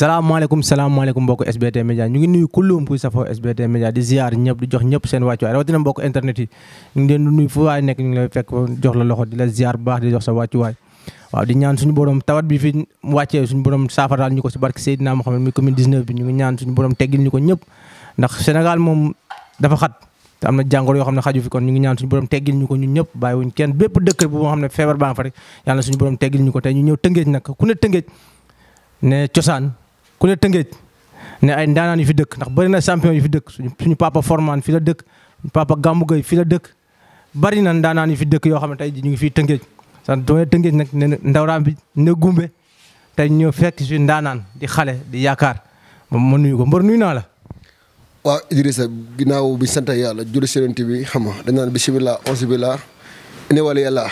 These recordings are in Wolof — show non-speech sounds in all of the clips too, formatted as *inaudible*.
salaamaaleykum salaamaaleykum mbokk SBT Média ñu ngi nuyu kullum kuy safoo SBT Média di ziar ñëpp di jox ñëpp seen wàccuwaay rawatina mbokk internet yi ñu ngi leen di nuyu fu waay nekk ñu ngi lay fekk jox la loxo di la ziar bu baax di jox sa wàccuwaay waaw di ñaan suñu borom tawat bi fi wàccee suñu borom saafaraal ñu ko si barke Seydina Mohamed mi commune 19 bi ñu ngi ñaan suñu borom teggil ñu ko ñëpp ndax Sénégal moom dafa xat te am na jàngoro yoo xam ne xaju fi kon ñu ngi ñaan suñu borom teggil ñu ko ñun ñëpp bàyyiwuñ kenn bépp dëkk bu moo xam ne feebar baa nga fa rek yàlla suñu borom teggil ñu ko tey ñu ñëw tëngeej nag ku ne tëngeej ne cosaan ku ne tëngeej ne ay ndaanaan yu fi dëkk ndax bëri na champion yu fi dëkk suñu papa formaan fi la dëkk papa Gambu Gueye fi la dëkk bari na ndaanaan yu fi dëkk yoo xam ne tey ji ñu ngi fii tëngeej sax doone tëngeej nag ne ndawraam bi ne gumbe tey ñoo fekk si ndaanaan di xale di yaakaar moom ma nuyu ko mbër nuyu naa la waaw Idrissa ginnaaw bi sant yàlla julli sëriñ bi xam nga dañ naan bisimilah onze bi yàlla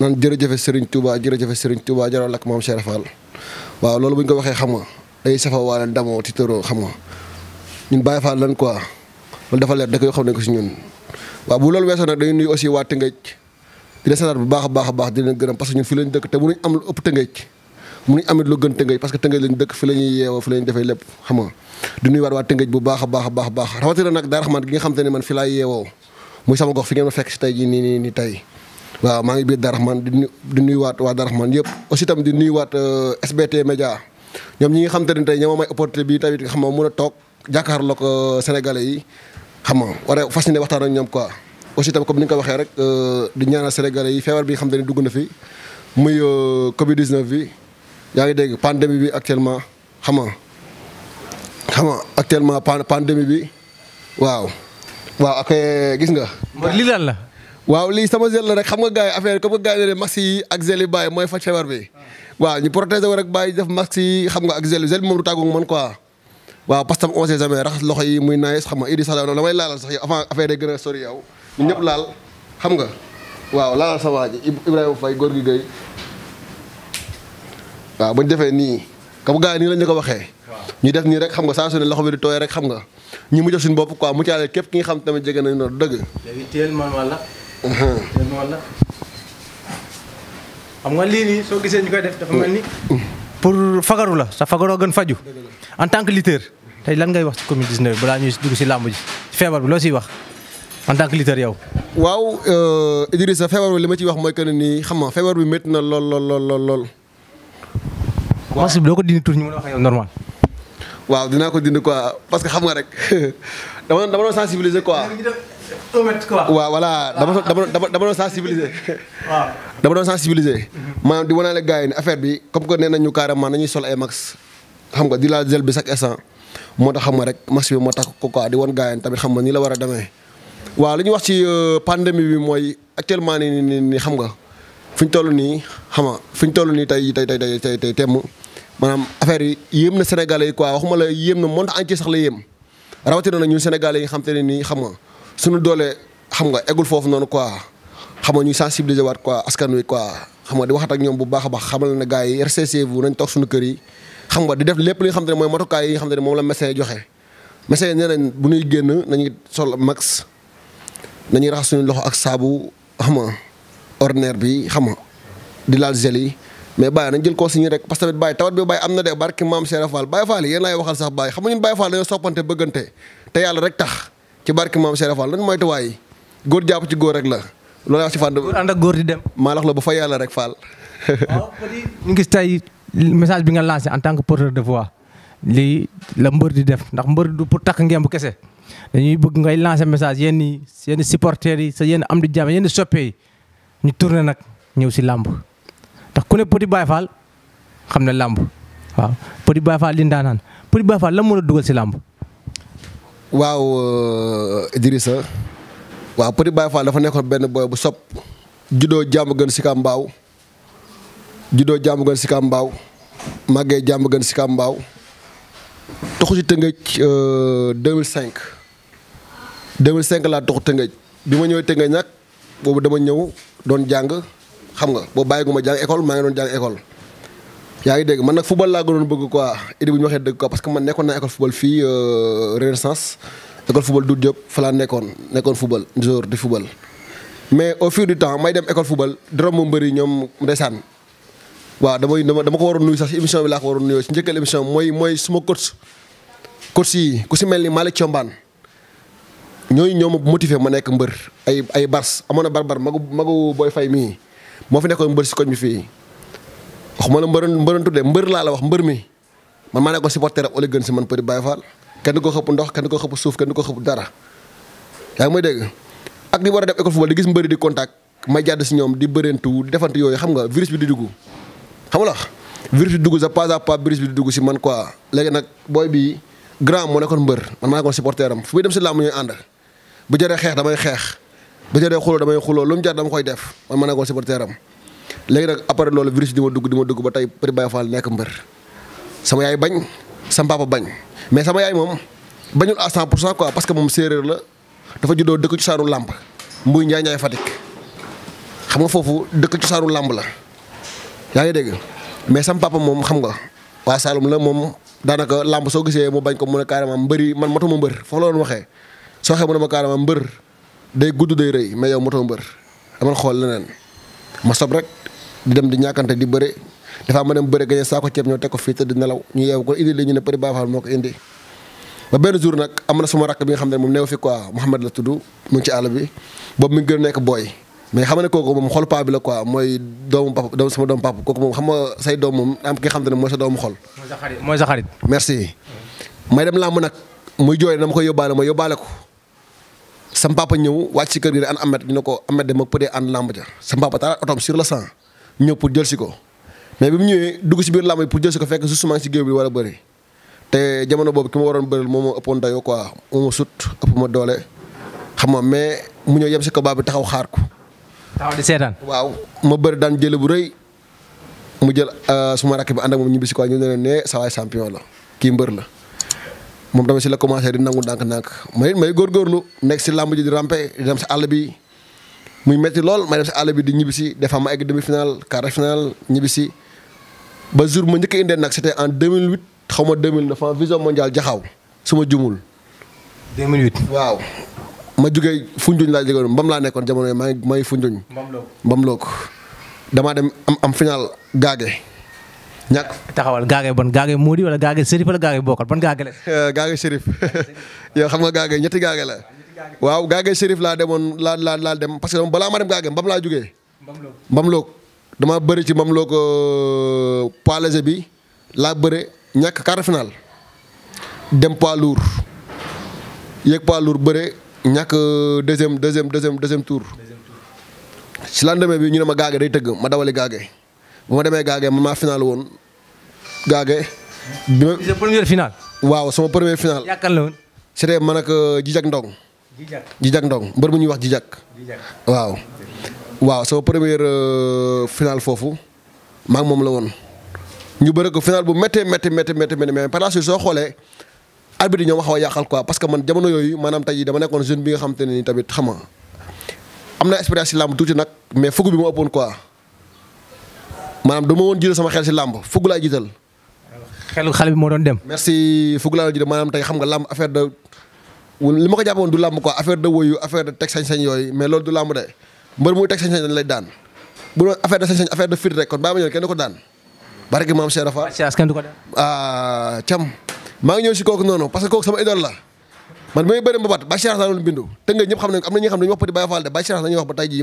naan jërëjëfe sëriñ Touba jërëjëfe sëriñ Touba jaral ak moom Cheikh waaw loolu bu ñu ko waxee xam nga day safa waale ndamoo tiitaroo xam nga ñun bàyyi faa lan quoi loolu dafa leer dëkk yoo xam ne ko si ñun. waa bu loolu weesoo nag dañuy nuy aussi waa Tëngéej di la sanaat bu baax a baax a baax di leen gërëm parce que ñun fi lañ dëkk te mënuñ am lu ëpp Tëngéej mënuñ amit lu gën Tëngéej parce que Tëngéej lañ dëkk fi la ñuy yeewoo fi la defee lépp xam nga di nuyu waat waa Tëngéej bu baax baax a baax a baax rawatina nag Daaru Rahmaan gi nga xam te ne man fi laay yeewoo muy sama gox fi ngeen ma si tey jii nii nii nii tey waaw maa ngi biir Daaru Rahmaan di nuyu di nuyu waa Daaru Rahmaan yëpp aussi tamit di nuyu waat euh, SBT Média ñoom ñi nga xam te ne tey ñoo may opportunité bi tamit xam nga a toog jàkkaarloog euh, sénégalais yi xam nga war a fas yéene waxtaan ak ñoom quoi. aussi tamit comme ni ko waxee rek euh, di ñaanal sénégalais yi feebar bi xam te ne dugg na fi muy euh, Covid bi yaa ngi dégg pandémie bi actuellement xam nga xam nga actuellement pandémie bi waaw. waaw ak gis nga. lii lan la. waaw lii sama gel la rek xam nga gars yi affaire comme que yi ak gel yi bàyyi mooy faj feebar bi. waaw ñu protéger wu rek bàyyi def masque yi xam nga ak gel gel moom du tàggu man quoi waaw parce que on sait jamais raxas loxo yi muy nice xam nga idi sax loolu damay laalal sax yow avant affaire yi gën a sori yow laal xam nga waaw laalal sa waa ji Ibrahima Faye góor gi Guèye waaw bu ñu defee nii comme gars nii la ko waxee. ñu def nii rek xam nga saa su loxo bi di tooy rek xam nga ñu mujj suñu bopp quoi mu caale képp ki nga xam tamit jege nañu noonu dëgg. léegi teel man wala. teel man wala. xam nga lii nii soo gisee ñu koy def dafa mel ni. pour fagaru la sa fagaroo gën faju en tant que lutteur tey lan ngay wax ci Covid 19 balaa ñuy dugg ci làmb ji feebar bi loo ciy wax en tant que lutteur yow. waaw euh, Idrissa feebar bi li ma ciy wax mooy que ne nii xam nga feebar bi métti na lool lool lool lool. waaw masque ko dindi tur ñu mën a waaw dinaa ko dindi quoi parce que xam nga rek *laughs* dama doon dama doon quoi. waaw voilà dama doon dama doon sensibiliser. waaw dama doon sensibiliser. maanaam di wanaale gars yi ne affaire bi comme que nee nañu carrément nañuy sol ay max xam nga di la gel bi chaque instant moo tax xam nga rek max bi moo tax ko quoi di wan gars yi tamit xam nga nii la war a demee. waaw li ñu wax ci euh, pandémie bi mooy actuellement nii nii nii xam nga fi ñu toll nii xam nga fi ñu toll nii tey tey tey tey tey temm maanaam affaire yi yéem na Sénégalais yi quoi waxuma la yéem na monde entier sax la yéem rawatina na ñun Sénégalais yi xam te ne nii xam nga. suñu doole xam nga eggul foofu noonu quoi xam nga ñuy sensibiliser waat quoi askan wi quoi xam nga di waxat ak ñoom bu baax a baax xamal na gars yi RCC bu nañ toog suñu kër yi xam nga di def lépp li xam ne mooy matukaay yi nga xam te ne moom la médecin yi joxe médecin nee nañ bu ñuy génn nañuy sol max nañuy raxas suñu loxo ak saabu xam nga ordinaire bi xam nga di laal gel yi mais bàyyi nañ jël ko suñu rek parce que tamit bàyyi tawat bi bàyyi am na de barki maam Cheikh Fall bàyyi Fall yéen laay waxal sax bàyyi xam nga ñun bàyyi Fall dañoo te yàlla rek tax ci barke maam Cheikh Fall lan mooy tuwaay yi góor jàpp ci góor rek la loolu wax ci fànn. góor ànd ak góor di dem. maa lax la ba fay yàlla rek Fall. waaw ñu gis tey message bi nga lancé en tant que porteur de voix lii la mbër di def ndax mbër du pour takk ngemb kese dañuy bugg ngay lancé message yéen i yéen i yi sa yéen am di jàmm yéen soppee yi ñu tourné nag ñëw si làmb ndax ku ne Petit Baye Fall xam ne làmb waaw Petit Baye Fall li ndaanaan Petit Baye Fall la a dugal si làmb. waaw euh, Idrissa waaw Petit Baye Fall dafa nekkoon benn boy bu sob juddoo jàmm gën si Kambaaw juddoo jàmm gën si Kambaaw màggee jàmm gën si Kambaaw toxu si Tëngëj 2005 2005 laa toxu Tëngëj bi ma ñëwee Tëngëj nag boobu dama ñëw doon jàng xam nga boo bàyyi gu ma jàng école maa ngi doon jàng école. yaa ngi dégg man nag football laa gënoon bëgg quoi idi bu ñu waxee dëgg quoi parce que man nekkoon naa école football fii euh, Renaissance école football Doudou Diop fa nekkoon nekkoon football jour di football. mais au fil du temps may dem école football doroom mu mbëri ñoom ndeysaan waaw damay dama dama ko waroon nuyu sax si émission bi laa ko waroon nuyoo si njëkkal émission mooy mooy suma coach coach yi ku si mel ni Malick Thiombane ñooñu ñoo ma motivé ma nekk mbër ay ay bars amoon na barbar magu magu booy fay mii moo fi nekkoon mbër si bi fii. waxuma la mbërën mbërën tuddee mbër laa la wax mbër mi man maa ne ko supporter ab Ole Gën si man Petit Baye Fall kenn ko xëpp ndox kenn ko xëpp suuf kenn du ko xëpp dara yaa ngi may dégg ak di war a def école football di gis mbëri di contact may jàdd si ñoom di bërentu di defante yooyu xam nga virus bi di dugg xam nga la dugg sa pas à pas virus dugg si man quoi léegi nag booy bi grand moo nekkoon mbër man maa nekkoon supporter am fu muy dem si laa làmb ñooy ànd bu jëree xeex damay xeex bu jëree xuloo damay xuloo lu mu jar dama koy def man maa nekkoon supporter am léegi nag après loolu virus di ma dugg di ma dugg ba tey Petit Baye Fall nekk mbër sama yaay bañ sama papa bañ mais sama yaay moom bañul à 100 pour cent quoi parce que moom séeréer la dafa juddoo dëkk cosaanu làmb mbuy Njaay Njaay Fatick xam nga foofu dëkk cosaanu làmb la yaa ngi dégg mais sama papa moom xam nga waa Saloum la moom daanaka làmb soo gisee mu bañ ko mun a carrément mbëri man matuma mbër foofu la doon waxee soo xee mu ne ma carrément mbër day gudd day rëy mais yow matuma mbër xool leneen ma sob rek. di dem di ñàkkante di bëre dafa am ma dem bëre gañe saako ceeb ñoo teg ko fii te di nelaw ñu yeewu ko indi li ñu ne Petit Baye Fall moo ko indi ba benn am na suma rakk bi nga xam ne moom neew fi quoi Mouhamed la tudd mu ngi ci mais xam ne kooku moom xol paa bi la quoi mooy doomu papa sama doomu papa kooku moom xam nga say moom am xam ne mooy sa sa xarit mooy sa xarit. merci may dem làmb nag muy jooy dama koy yóbbaale ma yóbbaale ko sa papa ñëw wàcc ci kër gi ne an Amet ñu ne ko Amet de ma pëdee an làmb ja sam papa taal otoom sur le sang. ñëw pour jël si ko mais bi mu ñëwee dugg si biir làmb yi pour jël si ko fekk justement si géew bi war a te jamono boobu ki ma waroon bëril moom moo ëppoon dayoo quoi moo ma sut ëpp ma doole xam nga mais mu ñëw yem si combat bi taxaw xaar ko. taxaw di seetaan. waaw ma bëri daan jële bu rëy mu jël euh, suma rakk bi ànd ak moom ñibbi si quoi ñu ne leen ne saa waay champion la kii mbër la. moom tamit si la commencé di nangu ndànk-ndànk ma it may góorgóorlu nekk si làmb ji di rampe di dem si àll bi muy métti lool may dem si àll bi di ñibbi si des fois ma egg demi final quart de finale ñibbi si ba jour ma njëkk a indee nag c'était en 2008 xaw ma 2009 en vision mondiale jaxaaw su ma jumul. 2008 waaw. ma jugee Foundiougne laa jógee mbam laa nekkoon jamono yi maa ngi may Foundiougne. mbam loo ko damaa dem am am final gaage. ñàkk taxawal gaage bon gaage Mody wala gaage Serif wala gaage bokkal ban gaage la. gaage *laughs* Serif *laughs* yoo xam nga gaage ñetti gaage la. waaw gaage Chérif laa demoon laa laa laa dem parce que balaa ma dem gaage mbam laa jugee. mbam loog damaa bëri ci mbam loog euh, poids léger bi laa bëre ñàkk quart final dem poids lour yéeg poids lourd bëre ñàkk euh, deuxième deuxième deuxième deuxième tour. si lendemain bi ñu ne ma gaage day tëgg ma dawali gaage ba ma demee gaage man maa final woon gaage. bi ma sa première waaw sama première finale. yaakaar la man ak euh, Jijak Ndong. Jijak Ndong mbër bu ñuy wax Jijak. waaw. waaw sama première euh, final foofu maa ngi moom la woon ñu bëre ko final bu méttee méttee méttee méttee mais par la suite soo xoolee. arbitre yi ñoom xaw a yàqal quoi parce que man jamono yooyu maanaam tey dama nekkoon jeune bi nga xam te ne nii tamit xam nga am naa expérience si làmb tuuti nag mais fukk bi ma ëppoon quoi maanaam dama woon jiital sama xel si làmb fukk laa jiital. xelu xale bi moo doon dem. merci fukk laa la jiital maanaam tey xam nga làmb affaire de li ma ko jàppoon du làmb quoi affaire de woyu affaire de teg sañ-sañ yooyu mais loolu du làmb de mbër muy teg sañ-sañ dañ daan bu doon ma ñëw kenn du cam ah, maa ngi ñëw si kooku noonu parce kooku sama idole la man bi may bëri mbabat Baye Cheikh daanoon bindu te nga ñëpp xam nañ am na ñi xam ne dañuy wax petit Baye Fall de Baye Cheikh nañuy wax ba tay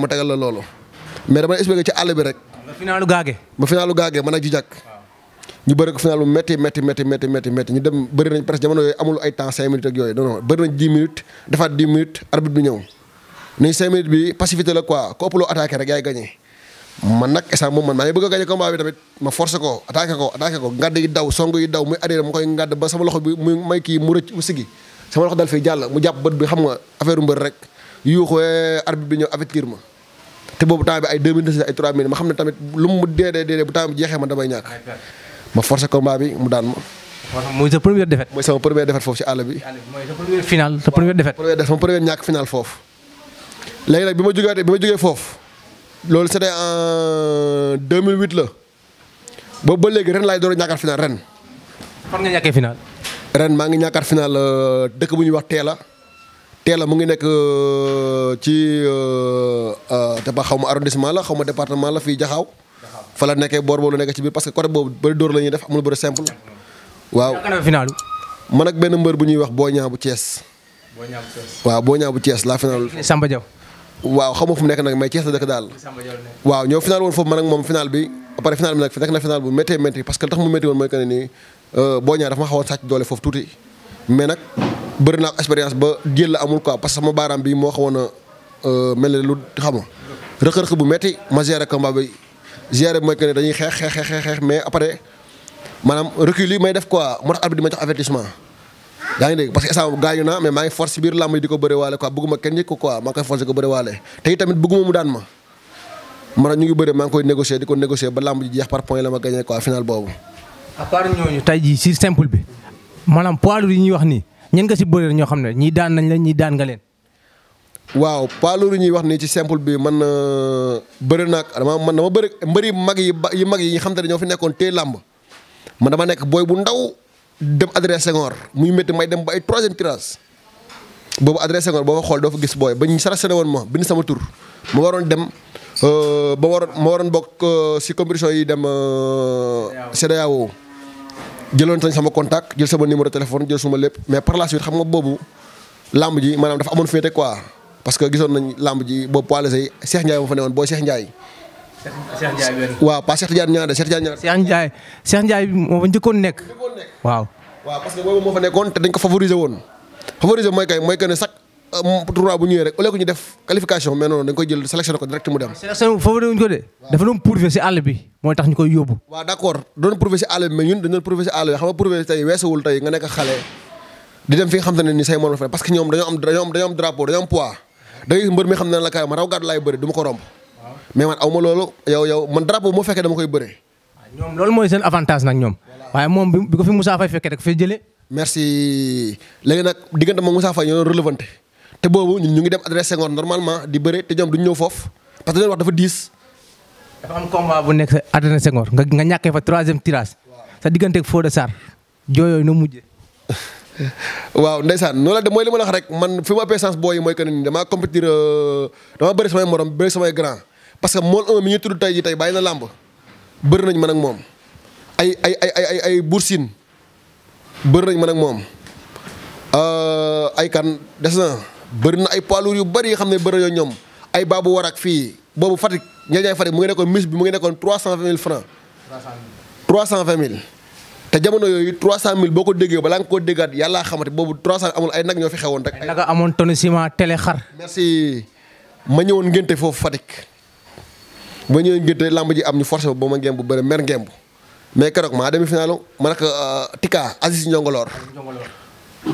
ma tegal la loolu mais dama expliqué ci àll bi rek ma finaalu gaage man ak Jijak ñu bëri ko final bu métti métti métti métti métti métti ñu dem presque jamono yooyu amul ay temps cinq minutes ak yooyu non la quoi nag instant moom man maa ngi bëgg a gagné combat bi tamit ma forcé ko attaqué ko attaqué ko ngadd yi daw song yi daw muy arrière ma koy ngadd ba sama loxo bi muy may kii mu rëcc mu sigi sama loxo dal fii jàll mu jàpp bët bi xam nga affaire mbër rek yuuxee eh, arbitre bi ñëw avertir ma te boobu temps bi ay deux minutes ay trois minutes ma xam ne tamit lu mu deedee deedee bu temps bi ma forcé combat bi mu daan ma. mooy sa première défaite. mooy sama première défaite foofu àll bi. mooy sa première finale sa première défaite. première défaite sama première ñàkk finale foofu. léegi nag bi ma jógee bi ma foofu loolu c'était en 2008 la boobu ba léegi ren laay door a ñàkkaat ren. fan nga ren maa ngi ñàkkaat final euh, dëkk bu ñuy wax Teela. Teela mu ngi nekk euh, ci te euh, ba xaw ma arrondissement la xaw ma département la fi jaxaw fa la nekkee boor boobu la nekkee ci biir parce que côté boobu bëri dóor la def amul bëri simple. waaw final man benn mbër bu ñuy wax Boña bu bu Thiès waaw Boña bu Thiès la final. waaw xam nga fu nekk nag mais Thiès la dëkk daal. waaw ñoo final woon foofu man ak moom final bi. ba pare bi nag nekk na final bu méttee métti parce que tax mu métti woon mooy que nii euh, Boña dafa ma xawoon sàcc doole foofu tuuti. mais nag bëri naa expérience ba jël amul quoi parce que sama baaraam bi moo xawoon a euh, mel lu xam nga bu métti ma géré combat gérer mooy que ne dañuy xeex xeex xeex xeex mais après maanaam recul yi may def quoi moo tax arbitre di ma jox avertissement. yaa ngi parce que instant gaañu naa mais maa ngi force biir làmb di ko bëre waale bëgguma kenn yëg ko quoi maa koy force di ko bëre te it tamit bëgguma mu daan ma. man ñu ngi bëre maa ngi koy négocier di ko négocier ba làmb ji jeex par point la ma gagné quoi final boobu. à ñooñu tey jii simple bi maanaam poids yi ñuy wax nii ñen xam ne ñii daan nañ daan nga leen waaw pas loolu ñuy wax nii ci simple bi man euh, bëri naag dama man dama bëri mbëri mag yi ba mag yi xam ne ñoo fi nekkoon téye làmb man dama nekk booy bu ndaw dem adressé Senghor muy métti may dem ba ay troisième tirage boobu adressé Senghor boo fa xool doo fa gis booy ba ñu sarasene woon ma bind sama tur ma waroon dem ba euh, waroon ma waroon bokk euh, si compétition yi dem CEDEAO jëloon tañ sama contact jël sama numéro téléphone jël suma lépp mais par la xam nga boobu làmb ji maanaam dafa amoon féete quoi parce que gisoon nañ làmb ji boobu poids léger yi Cheikh moo fa newoon booy Cheikh Ndiaye. Cheikh Ndiaye waaw pas Cheikh Ndiaye ñaar de Cheikh Ndiaye. Cheikh Ndiaye Cheikh Ndiaye parce que boobu moo fa nekkoon woon favoriser mooy kay mooy que euh, que ñu def qualification mais nekk nii say morom parce que ñoom dañoo am dañoo dañoo am drapeau da mbër mi xam ne la kaay ma raw gàddu laay bëri du ma ko romb mais man aw ma loolu yow yow man drapeau bu fekkee dama koy bëre ñoom loolu mooy seen avantage nag ñoom waaye moom bi ko fi Moussa Faye fekkee rek fay jëlee merci léegi nag diggante moom Moussa Faye ñoo doon relevanté te boobu ñun ñu ngi dem adressé ngoon normalement di bëre te ñoom duñ ñëw foofu parce que leen wax dafa diis dafa am bu nekk sa adressé ngoon nga ñàkkee fa troisième tirage sa diggante ak Fodé Sarr na mujjee *laughs* waaw ndeysaan noonu la de mooy li ma la wax rek man fi ma appee chance booy yi mooy que ni damaa compétir euh, damaa bëri samay morom bëri samay grand parce que mool 1 mi ñu tudd tey ji tey bàyyi na làmb bëri nañ man ak moom ay ay ay ay ay ay bursin bëri nañ man ak moom euh, ay kan des na bëri na ay poids yu bëri yoo xam ne bëri yoo ñoom ay baabu warak fii boobu Fatick ña jaay Fatick mu ngi nekkoon mise bi mu ngi nekkoon trois cent vingt mille francs trois cent vingt mille te jamono yooyu trois mil boo ko déggee balaa nga koo déggaat yàllaa xamante boobu 300 amul ay nag ñoo fi xewoon rek. ay nag amoon tonne ciment télé xar. merci ma ñëwoon ngénte foofu Fatick ma ñëwoon ngénte làmb ji am ñu forcé ba ma ngemb bu bëri mer ngemb mais keroog maa demi final ma nag euh, Tika Aziz Njongoloor.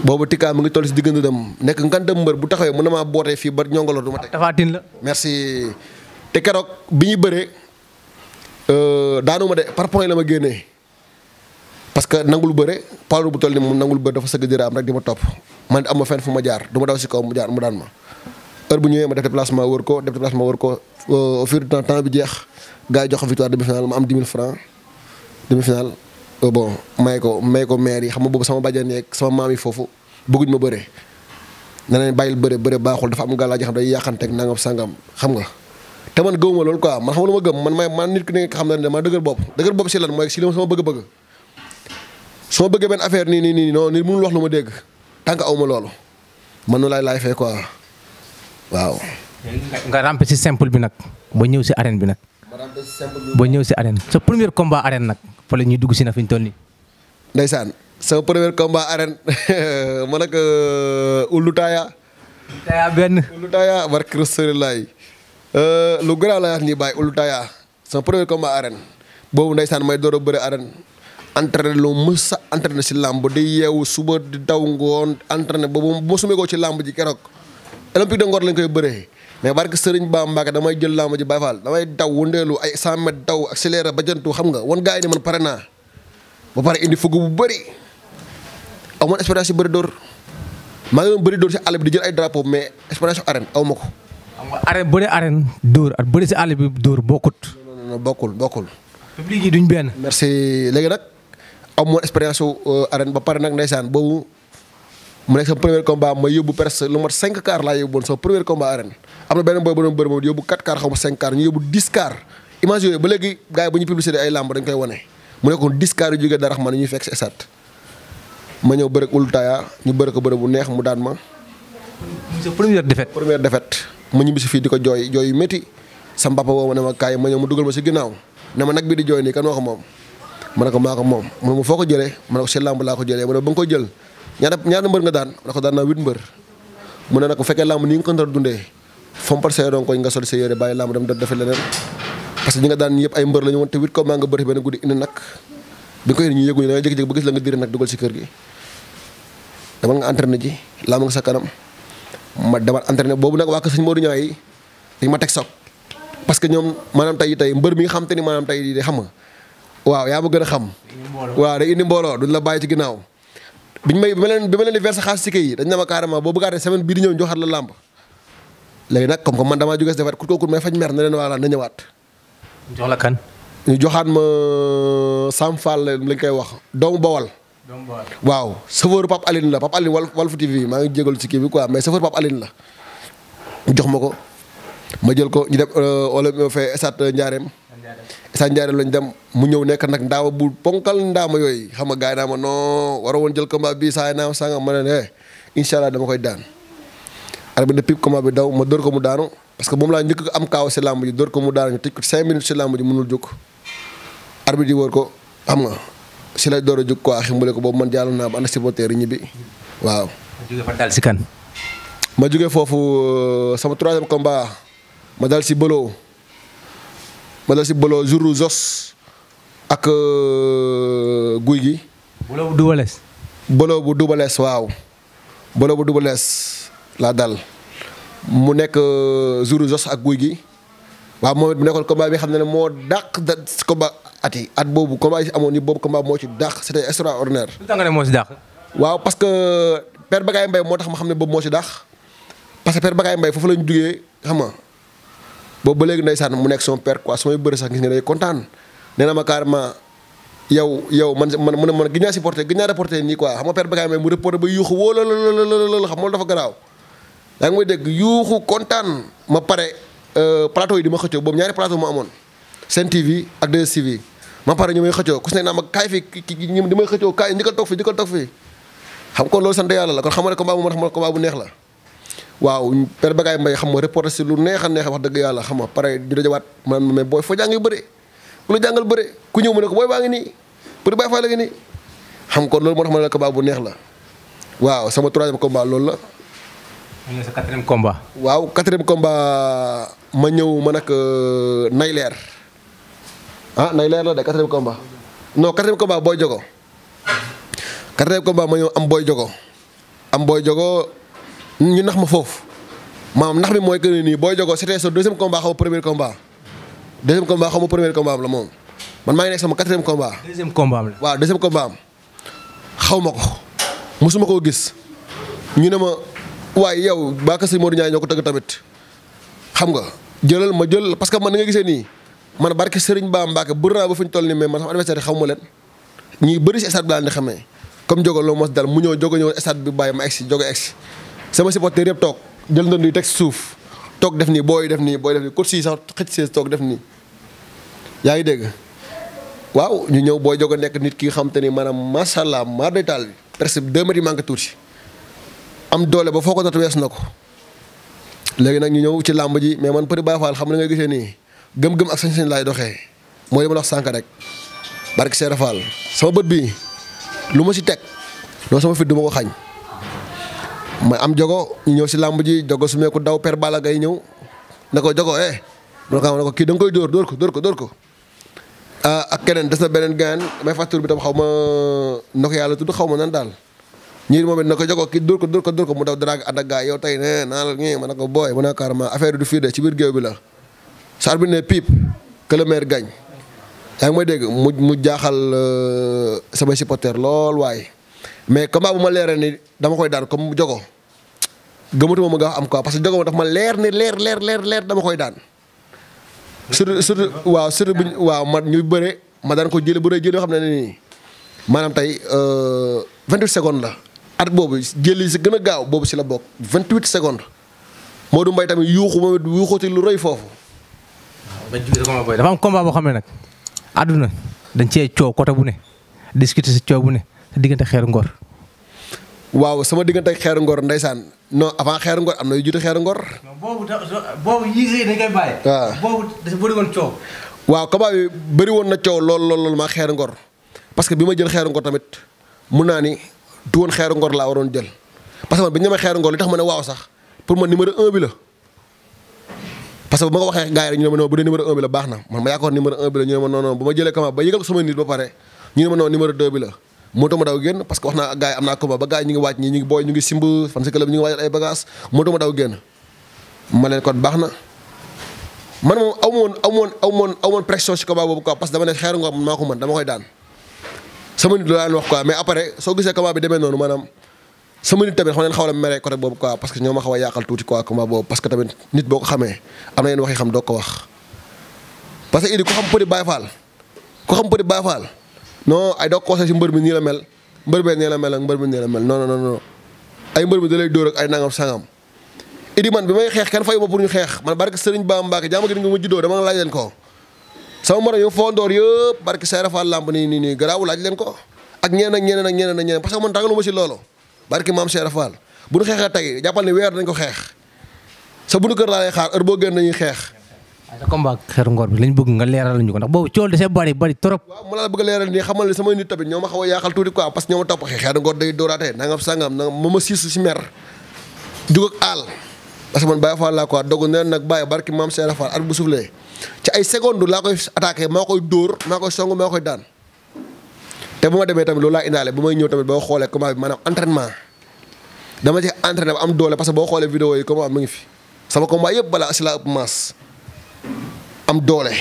boobu Tika mu ngi toll si diggante dem nekk ngandam mbër bu taxawee mën na maa bootee fii ba Njongoloor du ma teg. tafaatin la merci te keroog bi ñu bëree euh, daanu ma de par point la ma génnee. parce que nangu lu bëre Pawlish bu toll nii moom nangu lu bëre dafa sëgg dira am rek di ma topp man am ma fenn fu ma jaar du ma daw si kaw mu daan ma heure bu ñëwee ko def déplacement wër ko euh, au fur et temps temps demi finale ma am 10 000 demi finale bon may ko may ko maire yi xam nga boobu sama bàjjan yeeg sama maam yi foofu bëgguñ ma bëre ne leen bàyyil bëre bëre baaxul dafa am gàllaa ji xam day yàqante ak nangam sangam xam nga te man gëwuma loolu quoi man xam nga lu ma gëm man nit ki ne xam ne dama bëgg su ma bëggee benn affaire nii nii nii non nit wax lu ma dégg tant que aw ma loolu man nu laay laay fee quoi waaw. nga rampe si simple bi nag ba ñëw si arène bi nag. ba ñëw si arène sa premier combat arène nag fa ñuy dugg si na fi ñu toll nii. ndeysaan sa premier combat arène *laughs* man euh, euh, lu gën a la ñuy bàyyi Ould Taya sa boobu ndeysaan may door a bëre arène. entraîné loo mës a entraîné si làmb di yeewu suba di daw ngoon entraîné ba bu ma sumee ko ci làmb ji keroog olympique de Ngor lañ koy bëree mais barke Serigne Ba Mbacke damay jël làmb ji Baay Faal damay daw wëndeelu ay 100 mètres daw accéléré ba jantu xam nga wan gaa yi ne man pare naa ba pare indi fukk bu bëri aw man expérience yu bëri dóor maa ngi doon bëri dóor si àll bi di jël ay drapeaux mais expérience su arène aw ma ko. xam nga arène bëri arène dóor ak bëri si àll bi dóor bokkul bokkul. public yi léegi nag. am moon expérience su euh, arène ba pare nag ndeysaan boobu mu nekk sa premier combat ma yóbbu presque lu mat 5 car laa yóbbu woon sa premier combat arène am na beneen booy bu doon bëri moom yóbbu 4 car xaw ma 5 car ñu yóbbu 10 car image yooyu ba léegi gars yi bu ñu publicité ay làmb dañ koy wane mu nekkoon 10 car yu jógee dara xam ne ñuy fekk si stade ma ñëw bëri ulu taaya ñu bëri ko bëri bu neex mu daan ma. sa première défaite première défaite ma ñibbi si fii di ko jooy jooy yu sa mbappa woo ma ne ma kaay ma ñëw mu dugal ma si ginnaaw ne ma nag bi di jooy nii kan moo ko moom. ma ko maa ko moom mu ne ma foo ko jëlee ma ne ko si làmb laa ko jëlee mu ne ba nga koy jël ñaata mbër nga daan ma ko daan naa huit mbër mu ne nag bu ko doon dundee fompal sa yoroon koñ nga sol sa yére bàyyi làmb dem defi leneen parce que ñi nga daan yëpp ay mbër la ñu woon te huit combat si kër gi ji làmb sa kanam ma demal entraîné boobu nag waa kër sëñ Modou yi dañ ma teg sax parce que ñoom maanaam tey tey mbër mi nga xam te ni maanaam tey xam nga waaw yaa ma gën a xam. waaw day indi mbooloo duñ la bàyyi ci ginnaaw. biñ may bi ma leen bi ma leen di verse xaalis ci kii yi dañ ne ma carrément boo bëggaatee semaine bii di ñëw ñu joxaat la làmb léegi nag comme que man damaa jógee si defaat ku ko ku may fañ mer ne leen waa na la kan. ñu joxaat ma euh, Sam Fall lañ koy wax doomu Bawal. doomu waaw chauffeur Pape Aline la Pape Aline Walf TV maa ngi jégalu ci kii bi quoi mais chauffeur Pape Aline la. jox ma ko ma jël ko ñu dem euh, wala euh, fee Esat Ndiarème. Issa Ndiaye lañ dem mu ñëw nekk nag ndaawa bu ponkal ndaama yooyu xam nga gaay naa ma non war a woon jël combat bi saa naa sanga ma ne eh incha dama koy daan. arbitre depuis combat bi daw ma dóor ko mu daanu parce que moom laa njëkk am kaaw si làmb ji dóor ko mu daanu ñu tëj ko cinq minutes si làmb ji mënul jóg. arbitre yi wër ko xam nga si la door a jóg quoi ximbale ko boobu man jàll naa ba ànd si supporter yi waaw. ma ma jógee foofu euh, sama troisième combat ma dal si bëloo. ma si bolo jour Zos ak euh, guy gi. bëloo bu dubalees. bëloo bu dubalees waaw bëloo bu dubalees laa dal mu nekk euh, jour Zos ak guy gi waaw moom it mu nekkoon combat bi xam ne ne moo dàq da combat at yi at boobu combat yi amoon ni boobu combat moo ci dàq c'était extraordinaire. lu tax nga ne moo ci dàq. waaw parce que euh, Père Bagaye moo tax ma xam ne boobu moo ci dàq parce que Père Bagaye Mbaye foofu lañ jugee xam nga. boobu ba léegi saan mu nekk son père quoi su may bëri sax gis kontaan nee ma carrément yow yow man man mu ne man gis naa supporté gis naa reporté nii quoi xam nga père Bakaye Mbaye mu reporté ba yuuxu woo la la xam nga dafa garaaw yaa ngi may dégg yuuxu kontaan ma pare euh, plateau yi di ma xëccoo boobu ñaari plateau ma amoon Sen TV ak 2STV ma pare ñu may xëccoo ku si nekk naa ma kaay fi ki ñoom di may xëccoo kaay njëkkal toog fi njëkkal toog fi xam kon loolu sant yàlla la kon xam nga ne combat bu man xam nga combat neex la waaw per bagaay mbay xam ma reporté si lu neex a neex wax dëgg yàlla xam nga pare ñu dajawaat man mais booy foo jàngi bëre mu la jàngal bëre ku ñëw ma ne ko booy baa ngi nii pour bàyyi faa la ngi nii xam ko loolu moo tax ma ne la combat bu neex la waaw sama troisième combat loolu la. mu waaw quatrième combat ñëw ma nag euh, nay leer ah nay leer la de quatrième combat non quatrième combat booy jogo quatrième combat ma ñëw am booy jogo am booy jogo. ñu nax ma foofu maam ndax bi mooy que nii booy jogoo c'était sa deuxième combat xaw ma premier combat deuxième combat xaw ma premier combat am la moom man maa ngi nekk sama quatrième combat. deuxième combat am la waaw deuxième combat xaw ma ko mosuma koo gis ñu ne ma waaye yow baa Kassim Modou Ndiaye ñoo ko tëgg tamit xam nga jëlal ma jël parce que man ni nga gisee nii man barke Serigne Ba Mbacke bëri naa ba fi ñu toll nii mais man sama adversaire xaw ma leen ñuy bëri si stade bi daal di xamee comme jogo loo mos dal mu ñëw jogo ñëw stade bi bàyyi ma si jogo si sama supporter yëpp toog jël ndënd yu teg suuf toog def nii booy def nii booy def nii course yi sax xëcc sées toog def nii yaa ngi dégg waaw ñu ñëw booy jóg a nekk nit ki xam te ni maanaam macha allah maar day taal bi presque deux mètres yi manqué tuuti am doole ba foo ko natt wees na ko léegi nag ñu ñëw ci làmb ji mais man Petit Baye xam na nga gisee nii gëm-gëm ak sañ-sañ laay doxee mooy li ma la wax sànq rek barke Seera Fall sama bët bi lu ma si teg loolu sama fit du ma ko xañ ma am jogo ñëw si làmb ji jogo su meeku daw per Balla Gaye ñëw na ko jogo eh mu ne ko ne ko kii koy dóor dóor ko dóor ko dóor ko. Ah, ak keneen des na beneen gaan may facture bi tam xaw ma na ko yàlla tudd xaw ma nan daal ñii moom it na ko jogo kii dóor ko dóor mu daw daraag ànd ak gaa yow tey nee naa la ñii ma ne ko booy mu ne carrément affaire du fii de ci biir géew bi la. saa bi ne pipe que le yaa ngi ma dégg mu mu jaaxal euh, samay supporters lool waaye mais combat bu ma leeree ni dama koy daan comme jogo. gëmatuma ma gaaw am quoi parce que Jokalante daf ma leer ne leer leer leer leer dama koy daan. surtout surtout waaw surtout bu waaw man ñuy bëre ma daan ko jëlee bu dee jëlee xam ne nii maanaam tey 28 euh, secondes la. at boobu jëli si gën a gaaw boobu si la bokk vingt 28 secondes Modou Mbaye tamit yuuxu ma yuuxuti lu rëy foofu. waaw dafa am combat boo xam ne nag. àdduna dañ cee coow côté bu ne discuter si coow bu ne diggante xeer ngor. waaw sama diggante xeer ngor ndeysaan. non avant xeeru am na yu jiitu xeeru ngor. boobu da boobu yi dañ koy bàyyi. waaw boobu woon bi bëri woon na coow lool lool lool maa xeeru ngor parce que bi ma jël xeeru ngor tamit mun naa ni du woon xeeru ngor laa waroon jël parce que man bi ñu demee xeeru ngor li tax ma ne waaw sax pour man numéro un bi la. ma ko waxee gars rek ñu ne ma non bu la baax na man ma yaakaar numéro un bi la jëlee combat ba yëgal sama nit ba pare ñu ne ma non numéro deux bi la. moo tax ma daw génn parce que wax naa gars yi am naa combat ba gars yi ñu ngi waaj ñi ñu ngi booy ñu ngi simb fan si club ñu ngi waajal ay bagage moo tax daw génn ma leen kon baax na man moom aw moon aw moon aw moon aw moon pression si boobu quoi parce que dama ne xeeru nga maa ko mën dama koy daan sama nit la leen wax quoi mais après soo gisee combat bi demee noonu maanaam sama nit tamit xam leen xaw la mere côté boobu quoi parce que ñoo ma xaw a yàqal tuuti quoi combat boobu parce que tamit nit boo ko xamee am na yenn wax yi xam doo ko xam Petit Baye Fall non ay doo conseil si mbër bi nii la mel mbër bee nii la mel ak mbër ay mbër bi da lay dóor ak ay nangam sangam. idi man bi may xeex kenn fayu ma pour ñu xeex man barke Serigne Ba Mbacke jàmm gi nga ma juddoo dama laaj leen ko. sama morom yow fondoor yëpp barke Seydou Fall làmb nii nii nii garaaw laaj leen ko ak ñeneen ak ñeneen ak ñeneen ak ñeneen parce que man tàngalu ma si loolu barke maam Seydou Fall bu ñu xeexee tey jàppal ni weer nañ ko xeex sa bunu kër laa lay xaar heure boo génn nañuy sa combat xeetu ngor bi lañ bëgg nga leeral ñu ko ndax boobu cool dafay bari bari trop. waaw mu la bëgg leeral nii xamal ne samay nit tamit ñoo ma xaw a yaaxal tuuti quoi parce que ñoo ma topp xeetu ngor day dóoraate nangam sangam nangam ma ma siisu laa quoi dogu neen koy attaqué maa koy dóor maa koy daan te bu ma demee tamit loolu laa indaale bu may ñëw tamit boo xoolee combat bi maanaam entraînement dama ci entraîné ba am doole parce boo xoolee vidéo yi combat mu ngi fi sama combat yëpp balaa si laa ëpp maas am doole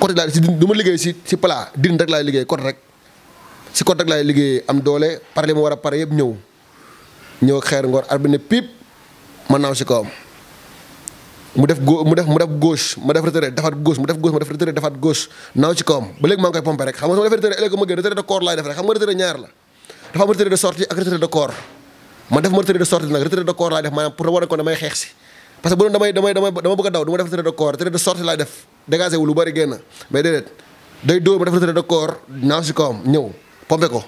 côté laa si du ma liggéey si si plat dind rek laay liggéey côté rek si côté rek laay liggéey am doole pare li ma war a pare yëpp ñëw ñëw ak xeer ngor arbi ne piip ma naaw si kawam mu def mu def gauche ma def retraite defaat gauche naaw ci kawam ba léegi maa koy pompé rek xam nga su ma defee retraite ëllëg ma gën retraite de corps laay def rek xam nga retraite ma def ma retraite de sortie nag retraite de corps laay def maanaam pour wane parce que bu doon damay damay damay dama a daw du ma def trait de corps trait de sortie laay def dégagé lu bëri génn mais déedéet day dóor ma def trait de corps naaw si kawam ñëw pompé ko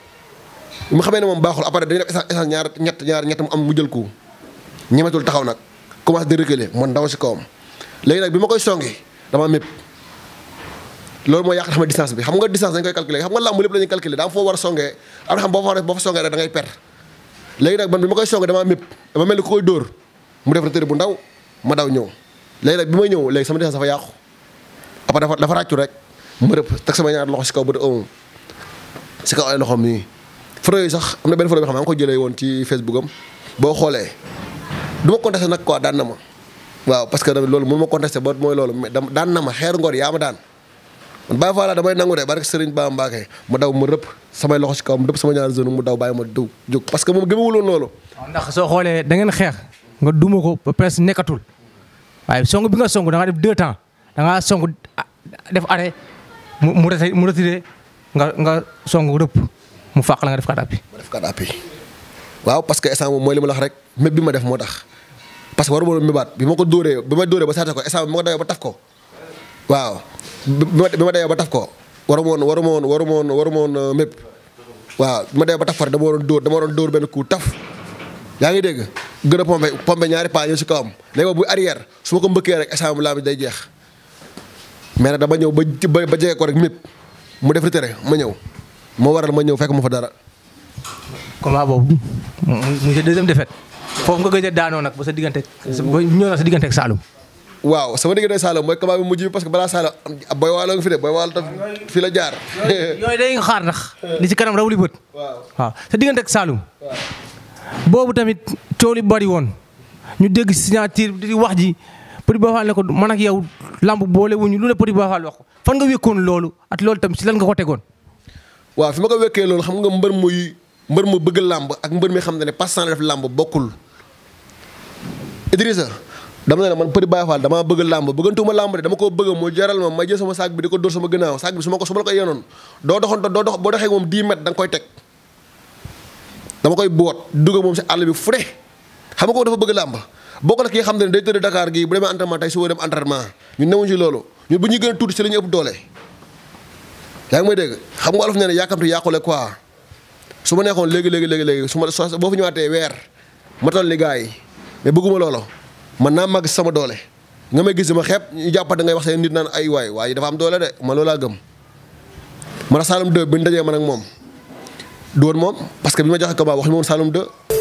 bi mu xamee ne moom baaxul après dañuy def essence ñaar ñett ñaar ñett mu am mu jël ko ñemetul taxaw nag commencé di reculer man ndaw si kawam léegi nag bi ma koy songi dama mépp loolu mooy yàq xam ne distance a songee am na xam boo fa boo fa rek da ngay perte léegi nag man bi dama mépp dama mel ni ko koy dóor mu def na tëri bu ndaw ma daw ñëw léegi nag bi may ñëw sama defar dafa yàqu après dafa dafa ràccu rek ma rëpp sama ñaar loxo si kaw ba te ëmm si kaw ay sax am na benn jëlee woon ci Facebook am boo xoolee du ma contesté nag quoi ma waaw parce que loolu mënu ma contesté ba mooy loolu daan na ma xeeru ngor yaa ma daan. man bàyyi faa damay nangu de barke Serigne baa Mbacké ma daw ma rëpp samay loxo kaw kawam rëpp sama ñaar zone mu daw bàyyi ma dëw jóg parce que moom gëmewuloon loolu. ndax soo xoolee da ngeen xeex. nga duma ko ba presque nekkatul waaye song bi nga song da nga def deux temps da nga song ah, def arrêt mu mu retiré nga nga song rëpp mu fàq la nga def quatre appuis. def quatre appuis waaw parce que instant moom mooy li ma lax rek méb bi ma def moo tax parce que waru ma mébaat bi ma ko dóoree bi ma dóoree ba ko instant bi ma ko dayoo ba ko waaw bi ma dayoo ba taf ko waru ma woon waru ma woon waru ma woon waru ma woon euh, waaw bi ma dayoo ba taf ko rek dama waroon dóor dama waroon dóor benn coup taf yaa ngi dégg. gën a pompé pompé ñaari pas ñëw si kawam léegi bu arrière su ma ko mbëkkee rek instant bi laam day jeex mais nag dama ñëw ba ba jege rek mépp mu def retiré ma ñëw moo waral ma ñëw fekk ma fa dara. combat boobu mu sa deuxième défaite foofu nga gëj daanoo nag ba sa diggante ba ñëw na sa diggante ak Saloum. waaw sama diggante Saloum mooy combat bi mujj bi parce que balaa Saloum booy waalo nga fi de booy waalo tam fi la jaar. yooyu day xaar ndax li ci kanam rawli bët. waaw waaw sa diggante ak Saloum. boobu tamit coow li bari woon ñu dégg signature di wax ji Petit Baye Fall ne ko man ak yow lamb boole wuñu lu ne Petit Baye Fall wax ko fan nga wékkoon loolu ak loolu tamit si lan nga ko tegoon. waaw fi ma ko wékkee loolu xam nga mbër muy mbër mu bëgg làmb ak mbër mi xam ne ne passant def làmb bokkul Idrissa dama ne la man Petit Baye Fall damaa bëgg làmb bëggantuma saak bi di ko dóor sama gannaaw saak bi su ma ko su ma la ko yenoon doo doxoon doo dox boo doxee moom 10 mètres nga koy teg dama koy boot dugg moom si àll bi fu xam nga ko dafa bëgg làmb bokk la ki nga xam ne day tëdd Dakar gii bu demee entraînement tey su boo dem entraînement ñu newuñ si loolu ñun bu ñuy gën a tuuti si la ñu ëpp doole yaa ngi may dégg xam nga olof nee na yàkkamti yàqule koi su ma neexoon léegi léegi léegi léegi su ma boo fi ñëwaatee weer ma toll ni gars yi mais bëgguma loolu man naa màgg sama doole nga may gis ma xepp ñu jàppa da ngay wax seen nit naan ay waay waaye dafa am doole de ma loolaa gëm man a saalum bi ñu dajee man ak moom du woon moom parce que bi ma joxe combat waxuñu woon Saloum 2.